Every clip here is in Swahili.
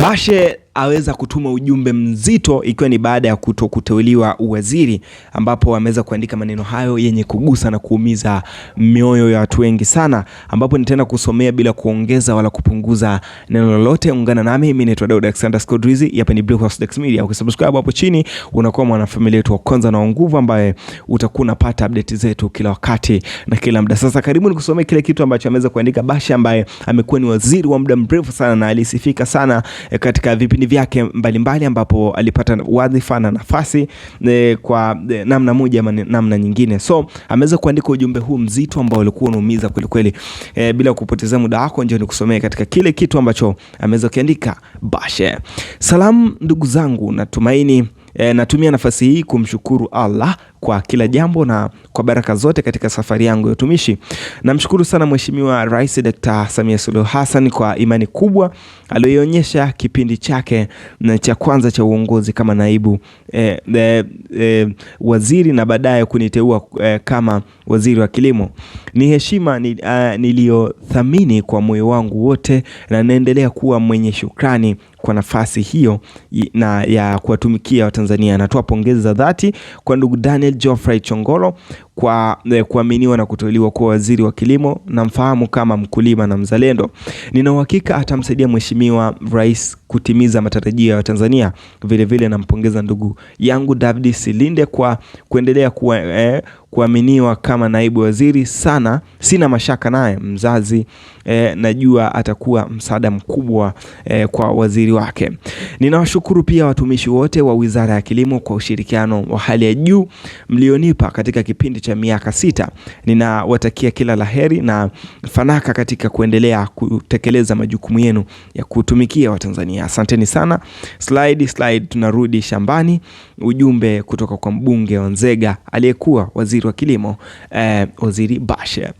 rush aweza kutuma ujumbe mzito, ikiwa ni baada ya kuto kuteuliwa uwaziri, ambapo ameweza kuandika maneno hayo yenye kugusa na kuumiza mioyo ya watu wengi sana, ambapo nitaenda kusomea bila kuongeza wala kupunguza neno lolote. Ungana nami, mimi naitwa Daud Alexander Scodrizi, hapa ni Blue House Dax Media. Ukisubscribe hapo chini unakuwa mwanafamilia yetu wa kwanza na nguvu, ambaye utakuwa unapata update zetu kila wakati na kila muda. Sasa karibu nikusomee kile kitu ambacho ameweza kuandika Bashe, ambaye amekuwa ni waziri wa muda mrefu sana na alisifika sana eh, katika vipi vipindi vyake mbalimbali ambapo alipata wadhifa na nafasi e, kwa e, namna moja ama namna nyingine. So ameweza kuandika ujumbe huu mzito ambao ulikuwa unaumiza kweli kweli. E, bila kupoteza muda wako njoo nikusomee katika kile kitu ambacho ameweza kuandika Bashe. Salamu ndugu zangu, natumaini E, natumia nafasi hii kumshukuru Allah kwa kila jambo na kwa baraka zote katika safari yangu ya utumishi. Namshukuru sana Mheshimiwa Rais Dkt. Samia Suluhu Hassan kwa imani kubwa aliyoonyesha kipindi chake cha kwanza cha uongozi kama naibu e, e, e, waziri na baadaye kuniteua e, kama waziri wa kilimo. Ni heshima niliyothamini kwa moyo wangu wote na naendelea kuwa mwenye shukrani kwa nafasi hiyo na ya kuwatumikia Watanzania. Anatoa pongezi za dhati kwa ndugu Daniel Geoffrey Chongolo kwa e, kuaminiwa na kuteuliwa kuwa waziri wa kilimo, namfahamu kama mkulima na mzalendo. Nina uhakika atamsaidia Mheshimiwa Rais kutimiza matarajio ya Watanzania. Vilevile nampongeza ndugu yangu David Silinde kwa kuendelea kuwa, eh, kuaminiwa kama naibu waziri sana. Sina mashaka naye mzazi eh, najua atakuwa msaada mkubwa eh, kwa waziri wake. Ninawashukuru pia watumishi wote wa Wizara ya Kilimo kwa ushirikiano wa hali ya juu mlionipa katika kipindi cha miaka sita. Ninawatakia kila laheri na fanaka katika kuendelea kutekeleza majukumu yenu ya kutumikia Watanzania. Tanzania. Asanteni sana. Slide, slide, tunarudi shambani. Ujumbe kutoka kwa mbunge wa Nzega aliyekuwa waziri wa kilimo eh, Waziri Bashe.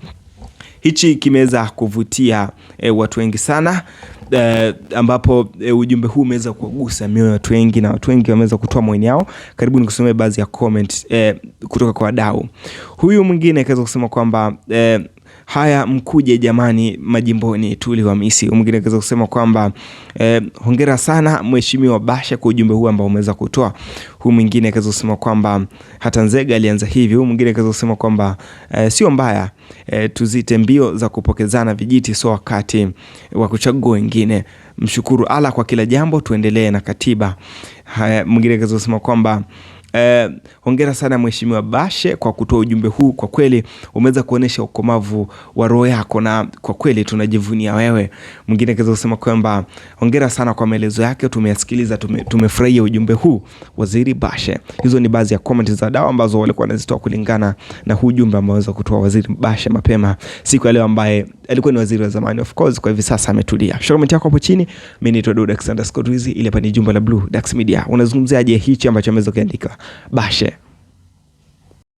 Hichi kimeweza kuvutia eh, watu wengi sana eh, ambapo eh, ujumbe huu umeweza kuwagusa mioyo ya watu wengi na watu wengi wameweza kutoa maoni yao. Karibu nikusomee baadhi ya comment eh, kutoka kwa wadau. Huyu mwingine akaweza kusema kwamba eh, haya mkuje jamani majimboni tuliwamisi. Mwingine akaweza kusema kwamba eh, hongera sana mheshimiwa Bashe kwa ujumbe huu ambao umeweza kutoa. Huyu mwingine akaweza kusema kwamba hata Nzega alianza hivi. Huyu mwingine akaweza kusema kwamba eh, sio mbaya eh, tuzite mbio za kupokezana vijiti, so wakati wa kuchagua wengine. Mshukuru Allah kwa kila jambo, tuendelee na katiba. Mwingine akaweza kusema kwamba Eh, hongera sana Mheshimiwa Bashe kwa kutoa ujumbe huu. Kwa kweli umeweza kuonyesha ukomavu wa roho yako na kwa kweli tunajivunia wewe. Mwingine kaweza kusema kwamba hongera sana kwa maelezo yake, tumeyasikiliza, tumefurahia tume ujumbe huu Waziri Bashe. Hizo ni baadhi ya comment za dawa ambazo walikuwa wanazitoa kulingana na huu ujumbe ameweza kutoa Waziri Bashe mapema siku ya leo, ambaye alikuwa ni waziri wa zamani of course, kwa hivi sasa ametulia. Comment yako hapo chini. Mimi ni Todd Dax_Tuizi, ile hapa ni jumba la Blue Dax Media. Unazungumziaje hichi ambacho ameweza kuandika? Bashe.